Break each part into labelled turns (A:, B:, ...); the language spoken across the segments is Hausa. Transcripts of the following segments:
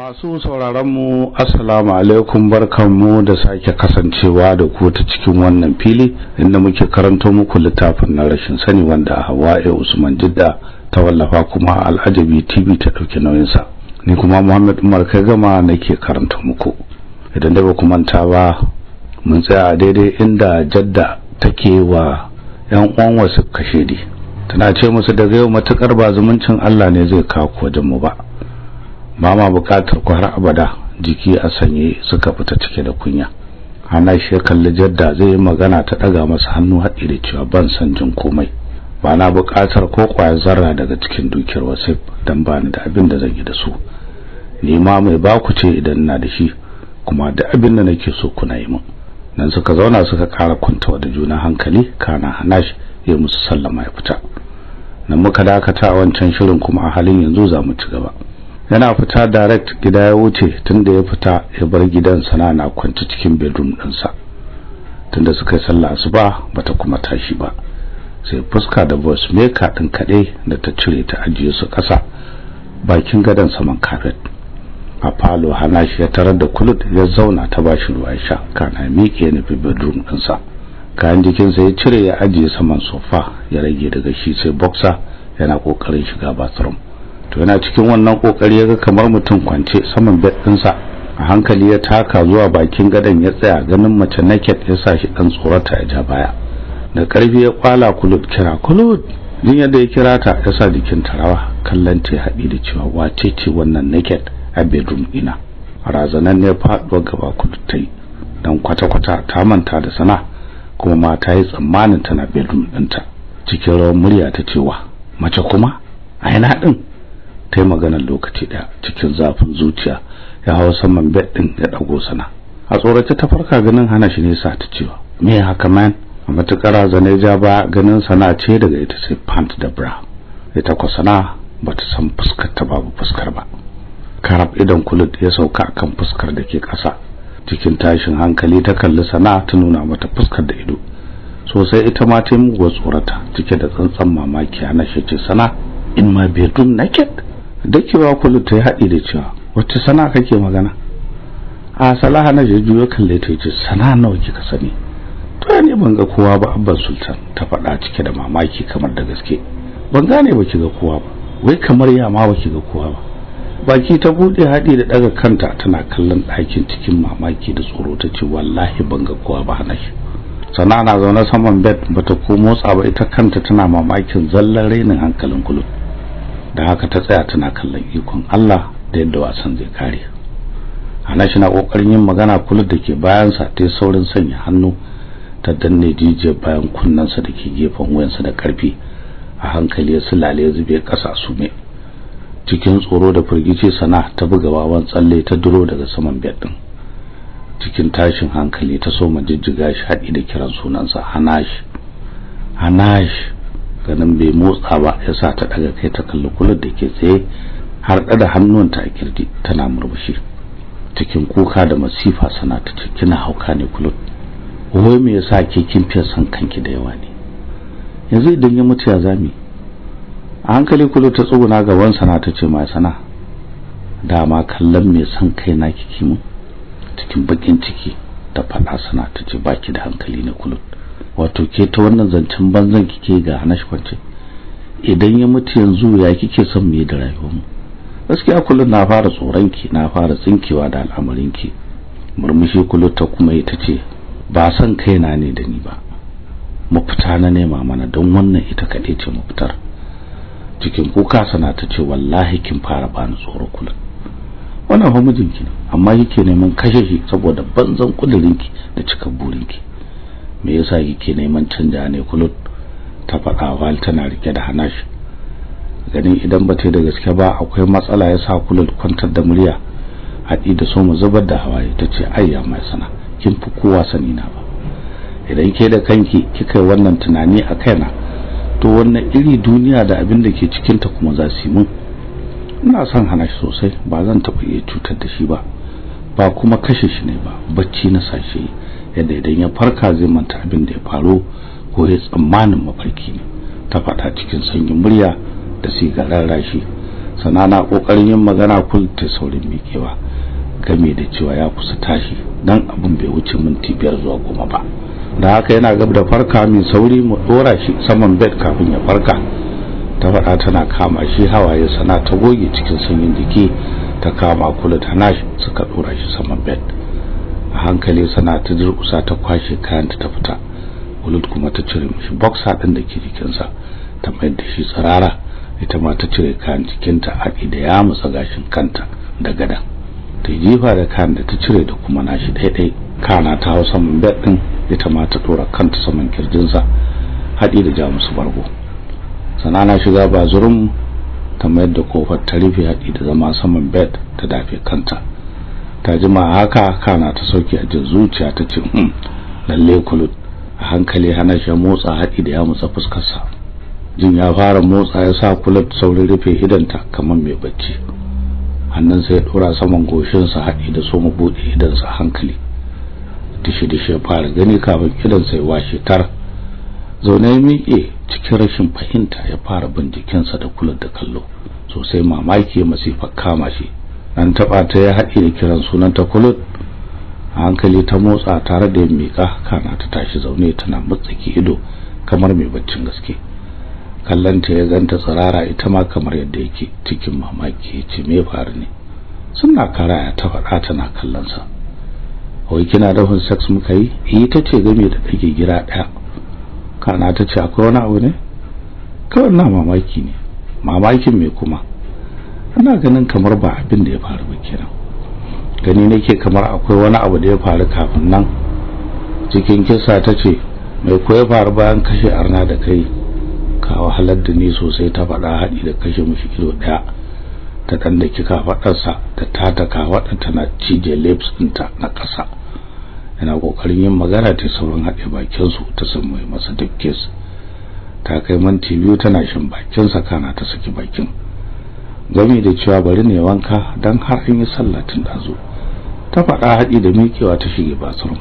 A: Masu sauraronmu Assalamu alaikum barkanmu da sake kasancewa da ku ta cikin wannan fili inda muke karanto muku littafin na rashin sani wanda Hawaye Usman Jidda ta wallafa kuma Al'ajabi TV ta dauki nauyinsa. Ni kuma Muhammad Umar kai gama nake karanto muku. Idan da ba ku manta ba mun tsaya a daidai inda Jadda take wa 'yan uwan wasu kashedi. Tana ce musu daga yau matukar ba zumuncin Allah ne zai kawo wajen mu ba. mama bukatar ku har abada jiki a sanye suka fita cike da kunya ana shi kalli jadda zai magana ta daga masa hannu haɗi da cewa ban san jin komai ba na bukatar ko kwayar zarra daga cikin dukiyar wasif dan ba ni da abin da zan yi da su ni ma mai ba ku ce idan na da shi kuma da abin da nake so kuna yi min nan suka zauna suka kara kwantawa da juna hankali kana hana shi ya musu sallama ya fita nan muka dakata a wancan shirin kuma a halin yanzu za mu ci gaba yana fita direct gida ya wuce tunda ya fita ya bar gidan sana na kwance cikin bedroom ɗinsa tunda suka yi sallah asuba bata kuma tashi ba sai fuska da voice maker ɗin kaɗai da ta cire ta ajiye su ƙasa bakin gadon saman carpet a falo hana shi ya tarar da kulut ya zauna ta ba shi ruwa sha kana miƙe ya fi bedroom ɗinsa kayan jikinsa ya cire ya ajiye saman sofa ya rage daga shi sai boxer yana ƙoƙarin shiga bathroom to yana cikin wannan kokari ya ga kamar mutum kwance saman bed sa a hankali ya taka zuwa bakin gadon ya tsaya ganin mace naked ya sa shi dan tsorata ya ja baya da karfi ya kwala kulut kira kulut din yadda ya kira ta ya sa jikin tarawa kallon ta haɗi da cewa wace ce wannan naked a bedroom ina razanan ne faɗuwa gaba kulut ta yi dan kwata-kwata ta manta da sana kuma ma ta yi tsammanin tana bedroom ɗinta cikin rawar murya ta cewa mace kuma a ina ɗin ta yi maganar lokaci ɗaya cikin zafin zuciya ya hawa saman bed ɗin ya ɗago sana a tsorace ta farka ganin hana shi nesa ta cewa me haka man a matukar zane ja ba ganin sana ce daga ita sai pant da bra ita ko sana ta san fuskar ta babu fuskar ba karab idan kulut ya sauka kan fuskar da ke ƙasa cikin tashin hankali ta kalli sana ta nuna mata fuskar da ido sosai ita ma ta yi muguwar tsorata cike da tsantsan mamaki ana shi ce sana in ma bedroom naked dakewa kullu ta yi haɗi da cewa wacce sana kake magana a salaha na jeju ya kalle ta ce sana nawa kika sani to ne ban ga kowa ba abban sultan ta faɗa cike da mamaki kamar da gaske ban gane ba ga kowa ba wai kamar ma ba ga kowa ba baki ta buɗe haɗi da ɗaga kanta tana kallon ɗakin cikin mamaki da tsoro ta ce wallahi ban ga kowa ba hana shi sana na zaune saman bed bata ko motsa ba ita kanta tana mamakin zallan rainin hankalin kullum da haka ta tsaya tana kallon ikon Allah da yadda wasan zai kare shi na kokarin yin magana kullum da ke bayan sa ta saurin sanya hannu ta danne jijiyar bayan kunnensa da ke gefen wayansa da karfi a hankali ya sulale zube ƙasa su me cikin tsoro da firgice sana ta buga wawan tsalle ta duro daga saman bed din cikin tashin hankali ta soma jijjiga shi haɗi da kiran sunansa hanash hanash ganin bai motsa ba ya sa ta daga kai ta kalli kular da ke tsaye har da hannuwanta a kirji tana murmushi cikin kuka da masifa sana ta ce kina hauka ne kulut wai me yasa ke kin fiye san kanki da yawa ne yanzu idan ya mutu ya zami a hankali kulut ta tsuguna gaban sana ta ce mai sana dama kallon me san kai na kiki mu cikin bakin ciki ta faɗa sana ta ce baki da hankali ne kulut wato ke ta wannan zancen banzan kike ga hanash kwance idan ya mutu yanzu ya kike son mu da rayuwar mu gaskiya kullum na fara tsoron ki na fara tsinkewa da al'amarin ki murmushi kullum ta kuma ita ce ba san kai na ne da ni ba fita na nema mana don wannan ita kaɗai ce fitar cikin kuka sana ta ce wallahi kin fara bani tsoro kullum wannan fa mijinki ne amma yake neman kashe shi saboda banzan kudurinki da cikar burinki me yasa kike neman canja ne kulut ta faɗa wal tana rike da hanash ganin idan ba ta da gaske ba akwai matsala yasa kulut kwantar da murya haɗi da so mu zubar da hawaye ta ce ayya mai sana kin fi kowa sani na ba idan ke da kanki kika yi wannan tunani a kaina to wannan iri duniya da abin da ke cikinta kuma za su yi mun ina son hana sosai ba zan taɓa iya cutar da shi ba ba kuma kashe shi ne ba bacci na sashe yadda idan ya farka zai manta abin da ya faru ko ya tsammanin mafarki ne ta fata cikin sanyin murya da siga rashi sana na kokarin yin magana kul ta saurin mikewa game da cewa ya kusa tashi dan abin bai wuce minti biyar zuwa goma ba da haka yana gab da farka mai sauri mu dora shi saman bed kafin ya farka ta faɗa tana kama shi hawaye sana ta goge cikin sanyin jiki ta kama kula ta nashi suka dora shi saman bed a hankali sana ta durkusa ta kwashe kayanta ta fita Walid kuma ta cire mishi boxer din da ke jikinsa ta mayar da shi tsirara ita ma ta cire kayan cikinta haɗi da ya musa gashin kanta da gada ta jifa da kayan da ta cire da kuma nashi daidai kana ta hau saman bed din ita ma ta tura kanta saman kirjinsa haɗi da ja musu bargo sana na shiga bazurum ta mayar da kofar ta rufe haɗi da zama saman bed ta dafe kanta ta jima haka kana ta sauki a jin zuciya ta ce hmm lalle kulut a hankali hana shi motsa haɗi da ya motsa fuskarsa jin ya fara motsa ya sa kulut saurin rufe hidanta kamar mai bacci hannun sai ya ɗora saman goshinsa haɗi da so mu buɗe idansa hankali dishi-dishi ya fara gani kafin idansa sai washe tar zaune ya miƙe cikin rashin fahimta ya fara bin jikinsa da kulut da kallo sosai mamaki masifar kama shi an taba ta ya haɗe da kiran sunan ta kulut a hankali ta motsa tare da yin miƙa kana ta tashi zaune tana matsaki ido kamar mai baccin gaske kallanta ya zanta tsirara ita ma kamar yadda yake cikin mamaki ya ce me faru ne suna karaya ta faɗa tana kallonsa wai kina dafin sex muka yi ita eh, ce game da take gira ɗaya kana ta ce akwai wani abu ne kawai na mamaki ne mamakin me kuma ana ganin kamar ba abin da ya faru ba kenan gani nake kamar akwai wani abu da ya faru kafin nan cikin kisa ta ce mai koya faru bayan kashe arna da kai ka wahalar da ni sosai ta faɗa haɗi da kashe mashi ido ɗaya ta ɗan da kika faɗarsa ta ta tata kawaɗa tana cije lips ɗinta na ƙasa yana ƙoƙarin yin magana ta sauran haɗe bakinsu ta san mai masa duk kes ta kai minti biyu tana shan bakinsa kana ta saki bakin gami da cewa bari ne wanka don har an yi sallatin dazu ta faɗa haɗi da mikewa ta shige bathroom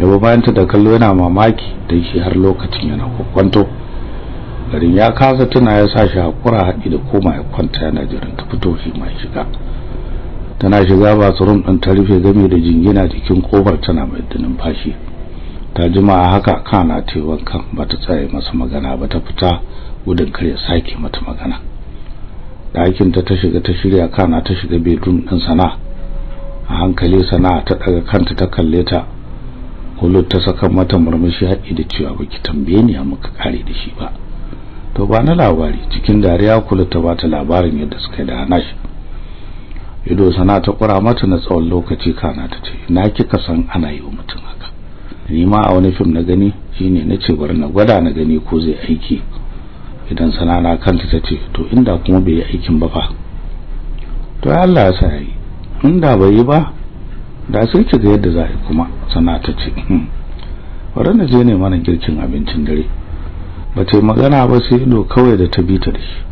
A: yabo bayan ta da kallo yana mamaki don shi har lokacin yana kwanto, garin ya kasa tuna ya sa shi hakura haɗi da koma ya kwanta yana jiran ta fito shi mai shiga tana shiga bathroom ɗin ta rufe gami da jingina jikin kofar tana mai da numfashi ta jima haka kana ta yi wankan ba ta tsaye masa magana ba ta fita gudun kar ya sake mata magana ɗakin ta ta shiga ta shirya kana ta shiga bedroom ɗin sana a hankali sana ta ɗaga kanta ta kalle ta kullum ta saka mata murmushi haɗi da cewa baki tambaye ni amma ka kare da shi ba to ba na labari cikin dariya kullum ta bata labarin yadda suka da shi. ido sana ta kura mata na tsawon lokaci kana ta ce na kika san ana yi wa mutum haka ni ma a wani fim na gani shine na ce bari na gwada na gani ko zai aiki idan sanana kanta ta ce to inda kuma bai yi aikin ba fa to Allah ya sa yi inda bai yi ba da sai ki ga yadda za a yi kuma sana ta ce hmm. bari na je ne mana girkin abincin dare ba ta magana ba sai ido kawai da ta bi ta da shi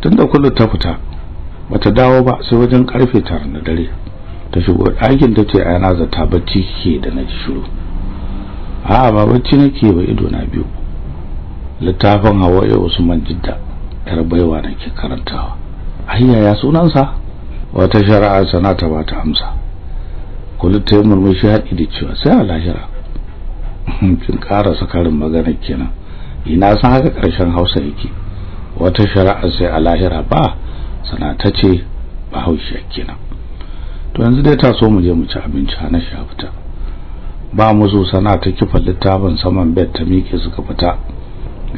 A: tunda kullu ta fita ta dawo ba sai wajen karfe tara na dare ta shigo ɗakin ta ce yana zata bacci ke da na shiru a'a ba bacci nake ba ido na biyu littafin ya usman jidda yar baiwa ke karantawa hayya ya sunansa wata shari'a sana ta bata amsa kullu ta murmushi haɗi da cewa sai a lahira kin ƙara sakarin magana kenan ina san haka ƙarshen hausa yake wata shari'a sai a lahira ba sana ta ce bahaushe kenan to yanzu dai ta so mu je mu ci abinci na shafuta. ba mu zo sana ta kifa littafin saman bed ta miƙe suka fita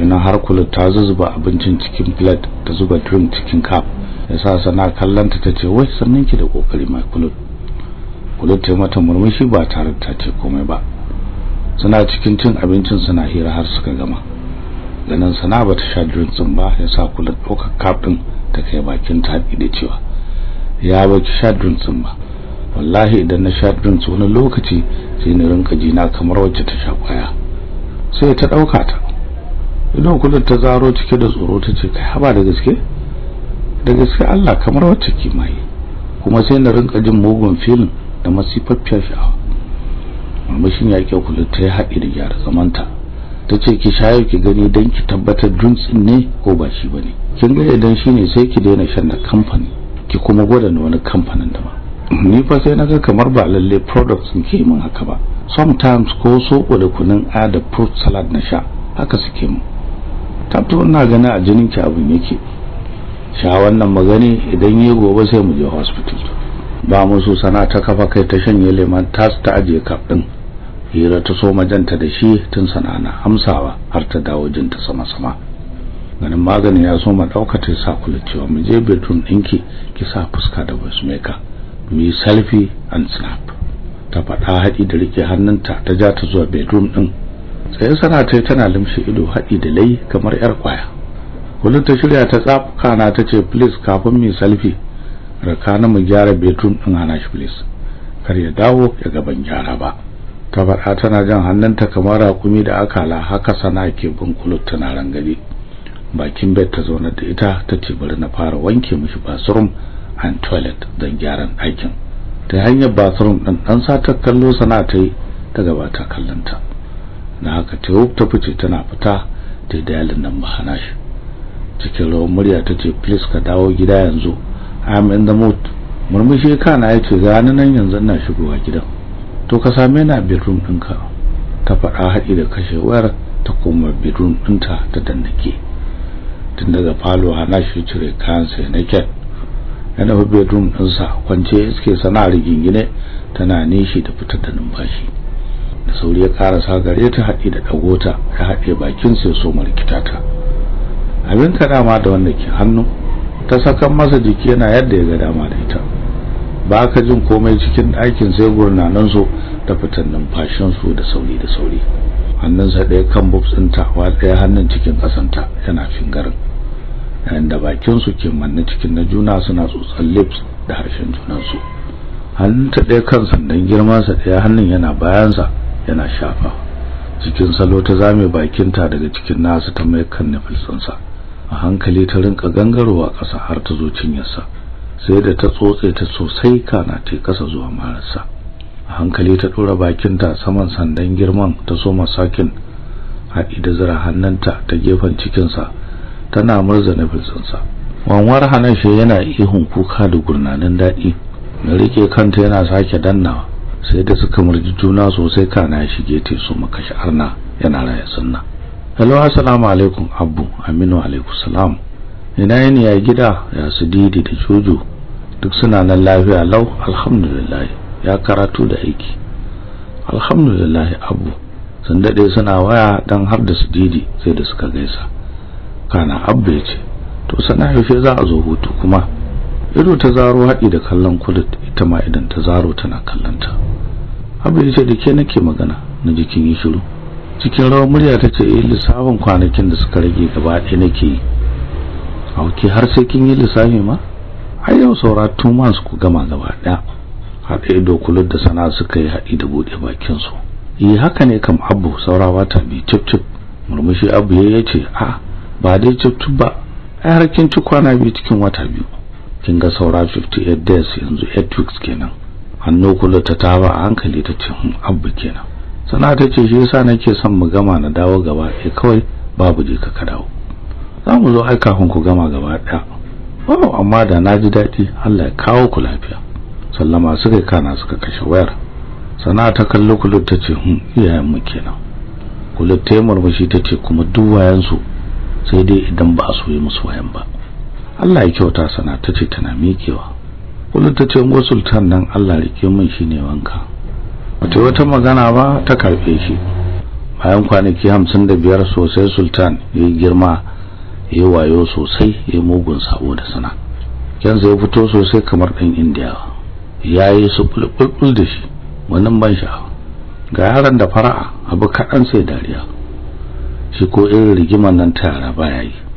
A: ina har kula ta zuzuba abincin cikin plate ta zuba drink cikin cup yasa sana kallanta tace wai sannan ki da kokari mai kulut kulut ta mata murmushi ba tare ta ce komai ba suna cikin cin abincin suna hira har suka gama ganin sana bata sha drink din ba yasa kulut ɗaukar cup din ta kai bakin ta da cewa ya baki sha drink din ba wallahi idan na sha drink wani lokaci sai ni rinka jina kamar wacce ta sha kwaya sai ta ɗauka ta idan kullum ta zaro cike da tsoro ta ce kai haba da gaske da gaske Allah kamar wacce ke mai kuma sai na rinka jin mugun filin da masifaffiyar sha'awa shin ya kyau ta yi haɗi da gyara zamanta ta ce ki shayar ki gani don ki tabbatar dutsen ne ko ba shi ba ne kin ga idan shi ne sai ki daina shan da kamfani ki kuma gwada na wani kamfanin da ma ni fa sai naga kamar ba lalle products sun ke min haka ba sometimes ko soko da kunun a da fruit salad na sha haka suke mu to ina gani a jinin ki abin yake sha wannan magani idan ya gobe sai mu je hospital ba mu so sana ta kafa kai ta shanye leman ta ta aje kaf din hira ta so majanta da shi tun sanana amsawa har ta dawo jinta sama sama ganin maganin ya so ma dauka sa kulacewa mu je bedroom dinki ki sa fuska da voicemaker mu yi selfie and snap ta faɗa haɗi da rike hannunta ta ja ta zuwa bedroom ɗin sai sana ta tana limshi ido haɗi da lai kamar yar kwaya kullum ta shirya ta tsafuka na ta ce please kafin mu salfi raka na mu gyara bedroom din hana shi please kar ya dawo ya ga ban gyara ba ta faɗa tana jan hannunta kamar rakumi da akala haka sana ke bin kulut tana rangade bakin bed ta zauna da ita ta ce bari na fara wanke mishi bathroom and toilet don gyaran aikin ta hanyar bathroom din dan satar kallo sana ta yi ta gabata kallonta na haka ta ta fice tana fita ta dayalin nan ba hana shi cikin rawar murya ta ce please ka dawo gida yanzu am in the mood murmushi kana ya ce gani nan yanzu na shigowa gidan to ka same ni a bedroom ɗinka ta faɗa haɗi da kashe wayar ta koma bedroom ɗinta ta dannake tun daga falo hana shi cire kayansa na kyat ya nufi bedroom ɗinsa kwance iske sana'ar gingine tana nishi da fitar da numfashi da sauri ya karasa gare ta haɗi da ɗagota ya haɗe bakin sai so markita ta abin kaɗa ma da wanda ke hannu ta sakan masa jiki yana yadda ya ga dama da ita ba ka jin komai cikin ɗakin sai nan so da fitan numfashin su da sauri da sauri hannunsa ɗaya kan bubs ɗinta wa ɗaya hannun cikin ƙasanta yana fingarin yayin da bakin su ke manne cikin na juna suna tsotsan lips da harshen junansu ta ɗaya kan sandan girmansa ɗaya hannun yana bayansa yana shafa cikin salo ta zame bakinta daga cikin nasa ta mai kan a hankali ta rinka gangarwa ƙasa har ta zo cinyarsa sai da ta tsotse ta sosai kana ta kasa zuwa mararsa a hankali ta ɗora bakinta saman sandan girman ta soma sakin haɗi da zira hannunta ta gefen cikinsa tana murza nufilsinsa wanwar hannun shi yana ihun kuka da gurnanin daɗi na riƙe kanta yana sake dannawa sai da suka murji juna sosai kana ya shige te su makashi arna yana raya sunna hello assalamu alaikum abbu aminu alaikum salam ina yini ya gida ya su didi da jojo duk suna nan lafiya lau alhamdulillah ya karatu da aiki alhamdulillah abu sun dade suna waya dan har da su didi sai da suka gaisa kana abbu ya ce to sana yaushe za a zo hutu kuma ido ta zaro haɗi da kallon kulit ita ma idan ta zaro tana kallonta abu ita da ke nake magana na jikin yi shiru cikin rawar murya ta ce eh lissafin kwanakin da suka rage gaba ɗaya nake yi A auki har sai kin yi lissafi ma har yau saura two months ku gama gaba ɗaya haɗa ido kulit da sana'a suka yi haɗi da buɗe bakinsu yi eh, haka ne kam abu saura wata bi cip cip murmushi abu ya ce a ba dai cip cip ba ai har kin ci kwana biyu cikin wata biyu kin ga saura 58 days yanzu 8 weeks kenan hannu kula ta tawa a hankali ta ce hmm, abba kenan sana ta ce shi yasa nake son mu gama na dawo gaba ɗaya kawai babu je ka dawo zamu zo ai kafin ku gama gaba ɗaya oh amma da na ji daɗi Allah ya kawo ku lafiya sallama suka kana suka kashe wayar sana ta kalli kulut ta ce hun hmm, iyayen mu kenan kulut ta murmushi ta ce kuma duk wayansu sai dai idan ba su yi musu wayan ba Allah ya kyauta sana ta ce tana mikewa kullum ta ce ngo sultan nan Allah rike min ne wanka wata wata magana ba ta karbe shi bayan kwanaki hamsin da biyar sosai sultan ya girma ya wayo sosai ya mugun sabo da sana yanzu ya fito sosai kamar ɗan indiya ya yi su bulbulbul da shi wannan ban sha'awa ga yaran da fara'a abu kaɗan sai dariya shi ko irin rigiman nan ta yara baya yi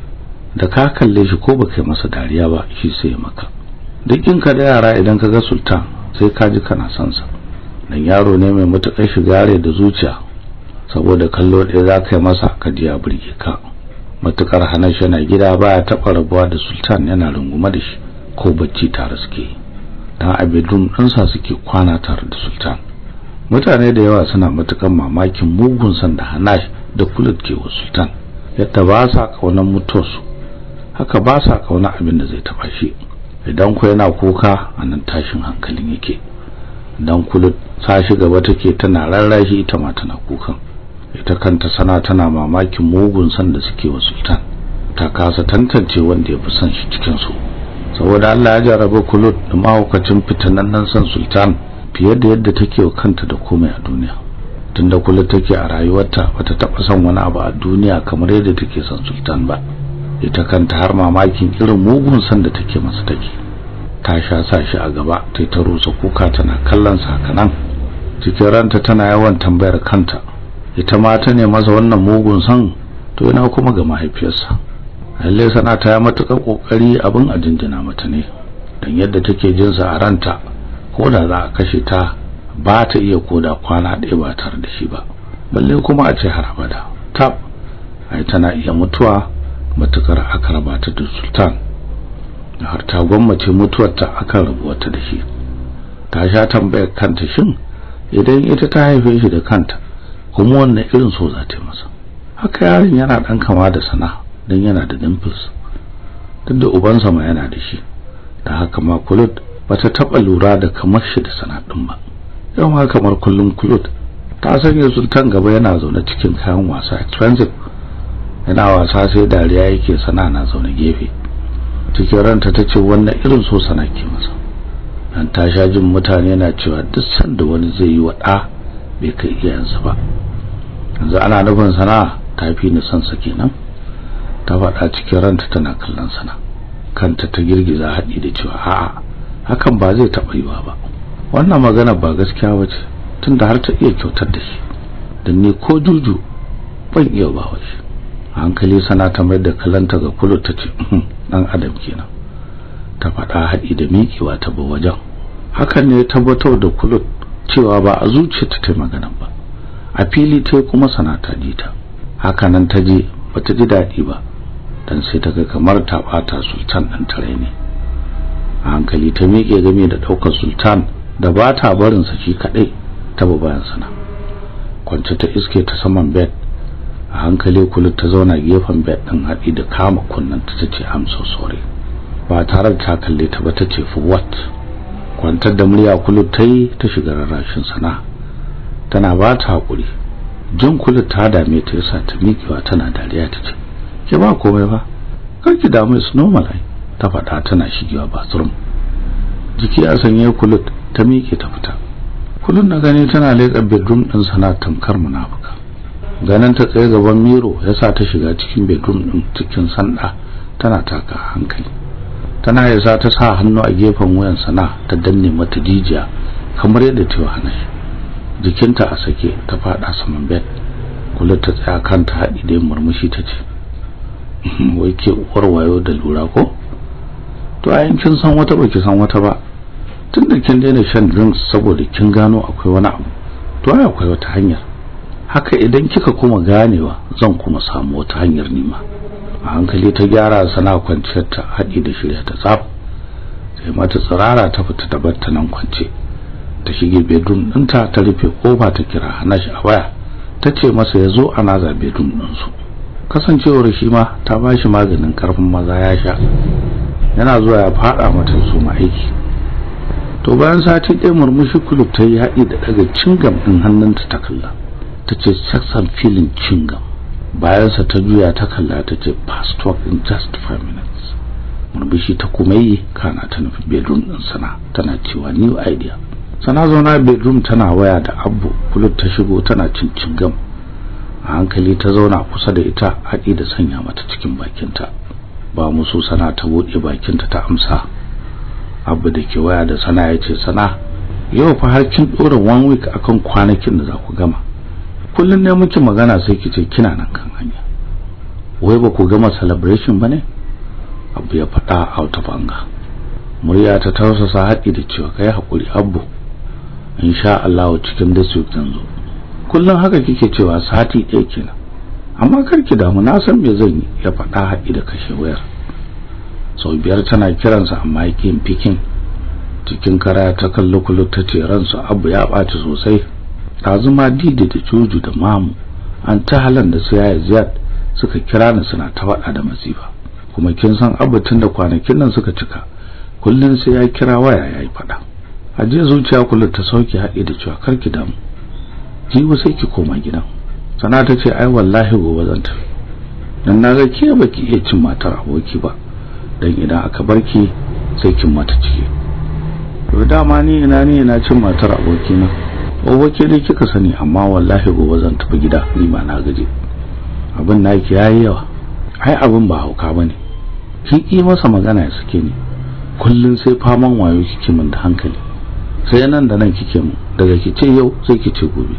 A: da ka kalle shi ko baka yi masa dariya ba shi sai maka duk in ka da yara idan kaga ga sultan sai ka ji kana son sa dan yaro ne mai mutukar shiga rai da zuciya saboda kallo ɗaya za ka yi masa ka ji ya burge ka matukar hanan shi na gida baya taɓa rabuwa da sultan yana runguma da shi ko bacci tare suke dan abidun ɗansa suke kwana tare da sultan mutane da yawa suna matukar mamakin mugun san da hanash da kulut ke wa sultan yadda ba sa kaunan mutuwarsu haka ba sa kauna abin da zai taba shi idan ku yana kuka a nan tashin hankalin yake dan kulut ta shi gaba take tana rarrashi ita ma tana kukan ita kanta sana tana mamakin mugun san da suke wa sultan ta kasa tantance wanda ya fi son shi cikin su saboda Allah ya jaraba kulut da mahaukacin fitanannen san sultan fiye da yadda take wa kanta da komai a duniya tunda kulut take a rayuwarta bata taba son wani abu a duniya kamar yadda take son sultan ba ita kanta har mamakin irin mugun san da take masa take ta sha sa shi a gaba tai ta rusa kuka tana kallon sakanan cikin ranta tana yawan tambayar kanta ita ma ta ne masa wannan mugun san to ina kuma ga mahaifiyarsa lalle sana ta matuƙar kokari abin a jinjina mata ne dan yadda take jin sa a ranta ko da za a kashe ta ba ta iya koda kwana ɗaya ba tare da shi ba balle kuma a ce har abada tab ai tana iya mutuwa matukar aka raba ta da sultan har ta gwammace mutuwarta akan ta da shi ta sha tambayar kanta shin idan ita ta haife shi da kanta kuma wannan irin so za ta yi masa haka yaron yana dan kama da sana dan yana da dimples duk da ubansa ma yana da shi da haka ma kulut ta taɓa lura da kamar shi da sana din ba yau ma kamar kullum kulut ta sanya sultan gaba yana zaune cikin kayan wasa transit yana wasa sai dariya yake sana na zaune gefe cikin ranta ta ce wannan irin so sana ke masa dan ta sha jin mutane na cewa duk sanda wani zai yi wa bai kai iyayensa ba yanzu ana nufin sana ta fi ni son sa kenan ta faɗa cikin ranta tana kallon sana kanta ta girgiza haɗi da cewa a'a hakan ba zai taɓa yiwa ba wannan magana ba gaskiya ba ce tunda har ta iya kyautar da shi don ni ko juju ban iya ba wa shi hankali sana ta mayar da kalanta ga kulu ta ce dan uhm, adam kenan ta faɗa haɗi da miƙewa ta bi wajen hakan ne tabbatar da kulu cewa ba a zuciyarta ta magana ba a fili ta kuma sana ta ji ta haka nan ta je bata ji daɗi ba dan sai ta ga kamar ta bata sultan ɗan tare ne a hankali ta miƙe game da ɗaukar sultan da bata ta barinsa shi kaɗai ta bayan sana kwance ta iske ta saman bed a hankali kulit ta zauna gefen bed din haɗi da kama kunnan ta tace I'm so sorry ba tare da ta kalle ta ba ta ce what kwantar da murya kulit ta yi ta shiga rarrashin sana tana ba ta hakuri jin kulit ta dame ta yasa ta mikewa tana dariya ta ce ki ba komai ba kar ki damu is normal ai ta faɗa tana shigewa bathroom jiki a sanye kulit ta mike ta fita kulun na gani tana leƙa bedroom ɗin sana tamkar munafuka ganin ta tsaye gaban miro ya sa ta shiga cikin bedroom din cikin sanda tana taka hankali tana yasa ta sa hannu a gefen wayan sana ta danne mata jijiya kamar yadda ta hana shi jikinta a sake ta fada saman bed kullu ta tsaya kanta haɗi da murmushi ta ce hmm, wai ke uwar wayo da lura ko to a kin san wata baki san wata ba tunda kin daina shan drinks saboda kin gano akwai wani abu to ai akwai wata hanyar haka idan kika kuma ganewa zan kuma samu wata hanyar nima a hankali ta gyara sana kwanciyar ta haɗi da shirya ta tsaf sai mata tsirara ta fita da batta nan kwance ta shige bedroom ɗinta ta rufe kofa ta kira Hanash a waya ta ce masa ya zo ana zabe bedroom ɗinsu kasancewar shi ma ta bashi maganin karfin maza ya sha yana zuwa ya faɗa mata su ma aiki to bayan sati ɗaya murmushi kulub ta yi haɗi da ɗaga cingam ɗin hannunta ta kalla ta ce sex and feeling bayansa ta juya ta kalla ta ce fast talk in just five minutes murmushi ta kuma yi kana ta nufi bedroom din sana tana cewa new idea sana zauna bedroom tana waya da abu kulut ta shigo tana cin gam a hankali ta zauna kusa da ita haɗi da sanya mata cikin bakinta ba musu sana ta buɗe bakinta ta amsa abu da ke waya da sana ya ce sana yau fa har kin ɗora one week akan kwanakin da za ku gama kullun ne muke magana sai kice kina nan kan hanya wai ba ku gama celebration bane abu ya faɗa a wata banga murya ta tausasa haƙi da cewa kai hakuri abu insha Allah cikin da su zan zo kullun haka kike cewa sati ɗaya kenan amma karki damu na san me zan yi ya faɗa haɗi da kashe wayar sau biyar tana kiransa amma yake fikin cikin kara ta kallo kullu ta ce ransu abu ya ɓaci sosai ma didi da juju da mamu an ta halan da su yaya ziyad suka kira ni suna ta faɗa da masifa kuma kin san tun da kwanakin nan suka cika kullum sai ya kira waya yayi faɗa aje zuciya kullum ta sauke haɗe da cewa karki damu jiwo sai ki koma gidan sana ta ce ai wallahi gobe zan tafi dan na ga ke baki iya cin matar aboki ba dan idan aka bar ki, sai kin mata cike. to dama ni ina ni ina cin matar abokina gobe ke dai kika sani amma wallahi gobe zan tafi gida ni ma na gaje abin naki yayi yawa ai abin ba hauka bane kin yi masa magana suke ni kullun sai faman wayo kike min da hankali sai nan da nan kike mu daga kice yau sai kice gobe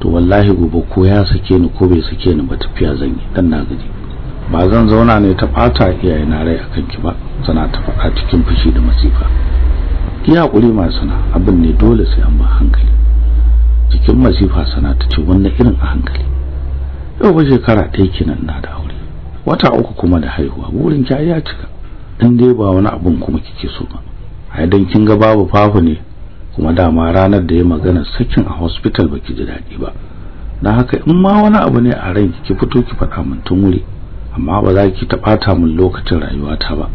A: to wallahi gobe ko ya sake ni ko bai sake ni ba tafiya zan yi dan na gaje ba zan zauna ne ta fata iyaye na rai akan ki ba sana ta faɗa cikin fushi da masifa ki hakuri ma sana abin ne dole sai an ba hankali cikin masifa sana ta ce wannan irin a hankali yau ba shekara ɗaya nan na da aure wata uku kuma da haihuwa burin ki ya cika in dai ba wani abun kuma kike so ba ai dan kin ga babu fafu ne kuma dama ranar da ya magana sakin a hospital baki ji daɗi ba dan haka in ma wani abu ne a ranki ki fito ki faɗa min tun wuri amma ba za ki taɓa ta min lokacin rayuwata ba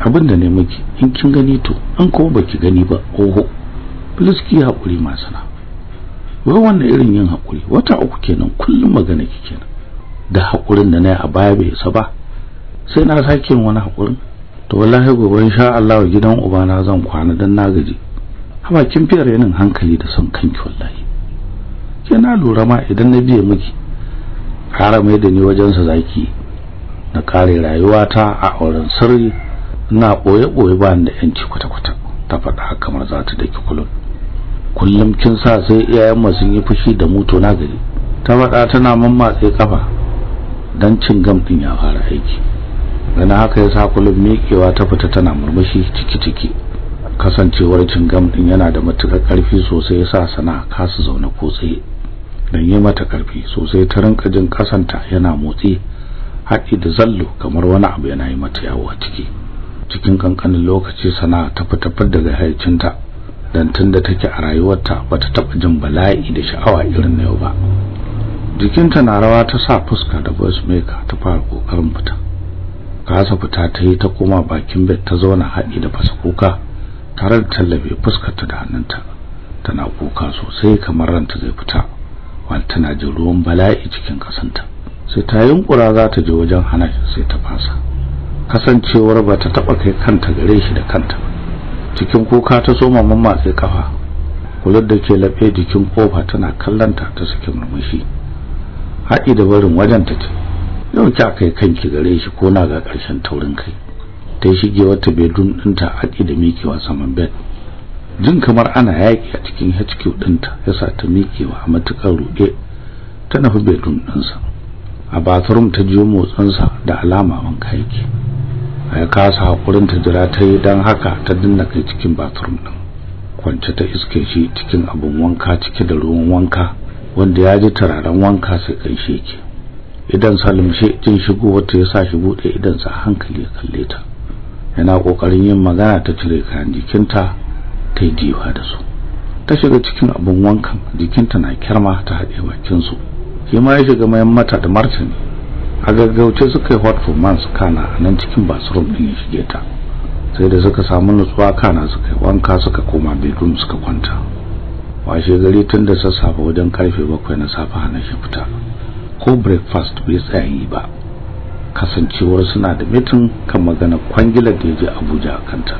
A: abin da ne miki in kin gani to an kuma baki gani ba oho please ki haƙuri masana wai wannan irin yin hakuri wata uku kenan kullum magana kike da hakurin da nayi a baya bai isa ba sai na sake wani hakuri to wallahi gobe insha Allah gidan uba na zan kwana dan na gaji hama kin fiyar yanin hankali da son kanki wallahi ke na lura ma idan na biye miki kara mai da ni wajen sa zaki na kare rayuwata a auren sirri na boye boye ba ni da yanci kwata kwata ta faɗa kamar za ta daki kullum. kullum kin sa sai iyayen mu sun yi fushi da mu to na gari ta faɗa tana mammatse kafa dan cin gam din ya fara aiki ganin haka ya sa kullum miƙewa ta fita tana murmushi ciki ciki kasancewar cin gam din yana da matukar ƙarfi sosai yasa sana kasu zauna ko tsaye dan yi mata ƙarfi sosai ta rinka jin kasanta yana motsi haɗi da zallo kamar wani abu yana yi mata yawo a ciki cikin kankanin lokaci sana ta fitafar daga haicinta dan tunda take a rayuwarta bata taba jin bala'i da sha'awa irin na yau ba jikinta na rawa ta sa fuska da voice maker ta fara kokarin fita kasa fita ta yi ta koma bakin bed ta zauna haɗi da fasa kuka tare da tallabe ta da hannunta tana kuka sosai kamar ranta zai fita wani tana jin ruwan bala'i cikin kasanta sai ta yunkura za ta je wajen hana sai ta fasa kasancewar ba ta taba kai kanta gare shi da kanta ba cikin kuka ta soma masu kafa kular da ke lafe jikin kofa tana kallanta ta cikin murmushi haƙi da barin wajen ta ce yau a kai kanki gare shi ko na ga ƙarshen taurin kai ta yi shige wata bedroom ɗinta haƙi da mikewa saman bed jin kamar ana yaki a cikin HQ ɗinta ya sa ta mikewa a matuƙar ruɗe ta nufi bedroom ɗinsa a bathroom ta jiyo motsinsa da alama wanka yake ya kasa hakurin ta jira ta yi don haka ta dinna kai cikin bathroom din kwance ta iske shi cikin abun wanka ciki da ruwan wanka wanda ya ji tararen wanka sai kai shi yake idan salim shi jin shigo wata ya sa shi buɗe idan sa hankali ya kalle ta yana ƙoƙarin yin magana ta cire kayan jikinta ta yi diwa da su ta shiga cikin abun wankan jikinta na kirma ta haɗe bakinsu su shi ma ya shiga mayan mata da martani a gaggauce suka yi hot man kana nan cikin rom din ya shige ta sai da suka samu nutsuwa kana suka yi wanka suka koma bedroom suka kwanta washe gari tun da sassafe wajen karfe bakwai na safe hana shi fita ko breakfast bai tsaya yi ba kasancewar suna da mitin kan magana kwangilar da ya je abuja a kanta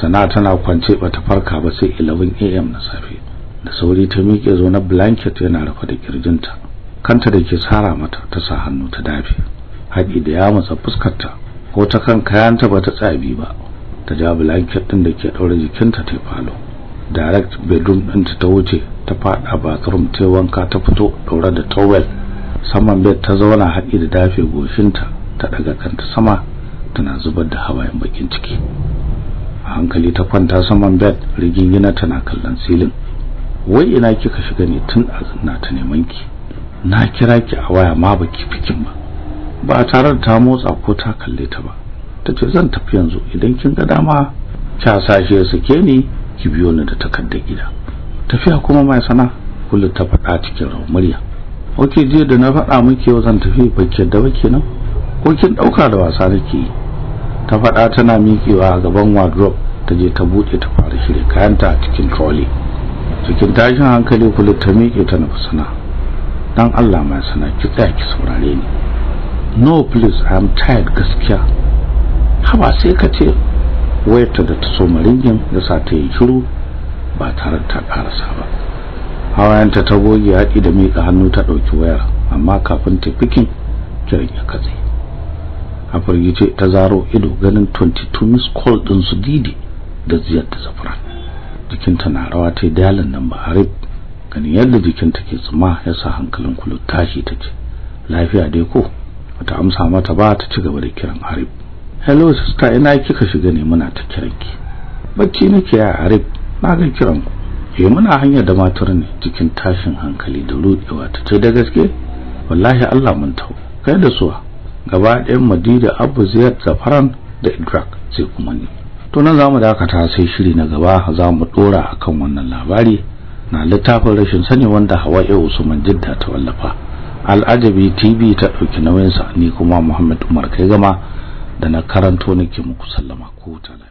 A: sana tana kwance bata farka ba sai 11 am na safe da sauri ta miƙe zo na blanket yana rufe da kirjinta kanta da ke tsara mata ta sa hannu ta dafe haƙi da ya matsa fuskarta ko ta kan kayanta ba ta tsabi ba ta ja blanket ɗin da ke ɗaure jikinta ta falo direct bedroom ɗinta ta wuce ta faɗa bathroom ta wanka ta fito ɗaure da towel saman bed ta zauna haƙi da dafe goshinta ta ɗaga kanta sama tana zubar da hawayen bakin ciki a hankali ta kwanta saman bed rigingina tana kallon silin wai ina kika shiga ne tun na ta neman ki na kira ki a waya ma baki fikin ba ba tare da ta motsa ko ta kalle ta ba tace zan tafi yanzu idan kin ga dama kya sashe sake ni ki biyo ni da takardar gida tafiya kuma mai sana kullu ta faɗa cikin rawar murya oke jiya da na faɗa miki yau zan tafi bakin da baki nan ko kin dauka da wasa nake ta faɗa tana miƙewa a gaban wardrobe ta je ta buɗe ta fara shirye kayanta a cikin trolley cikin tashin hankali kullu ta miƙe ta nufi sana'a dan Allah ma sana ki tsaya ki saurare ni no please i'm tired gaskiya haba sai ka ce wayarta da ta so maringin ya sa ta yi shiru ba tare ta karasa ba hawayanta ta goge haƙi da miƙa hannu ta ɗauki wayar amma kafin ta fikin kiran ya katse a firgice ta zaro ido ganin 22 miss call ɗin su didi da ziyarta safara jikinta na rawa ta yi dalin nan ba harif gani yadda jikinta ke tsuma ya sa hankalin Kulu tashi take lafiya dai ko bata amsa mata ba ta ci gaba da kiran Arif hello sister ina kika shiga ne muna ta kiranki bacci nake ya Arif na ga kiran ku eh muna hanyar da matar ne cikin tashin hankali da rudewa ta ce da gaske wallahi Allah mun tau kai da suwa gaba ɗayan Madida Abu Ziyad Zafaran da Idrak sai kuma ni to nan zamu dakata sai shiri na gaba za zamu dora akan wannan labari na littafin rashin sani wanda Hawa'i Usman Jidda ta wallafa Al'ajabi TV ta ɗauki nauyinsa ni kuma Muhammad Umar kai gama da na karanto nake muku sallama ko ta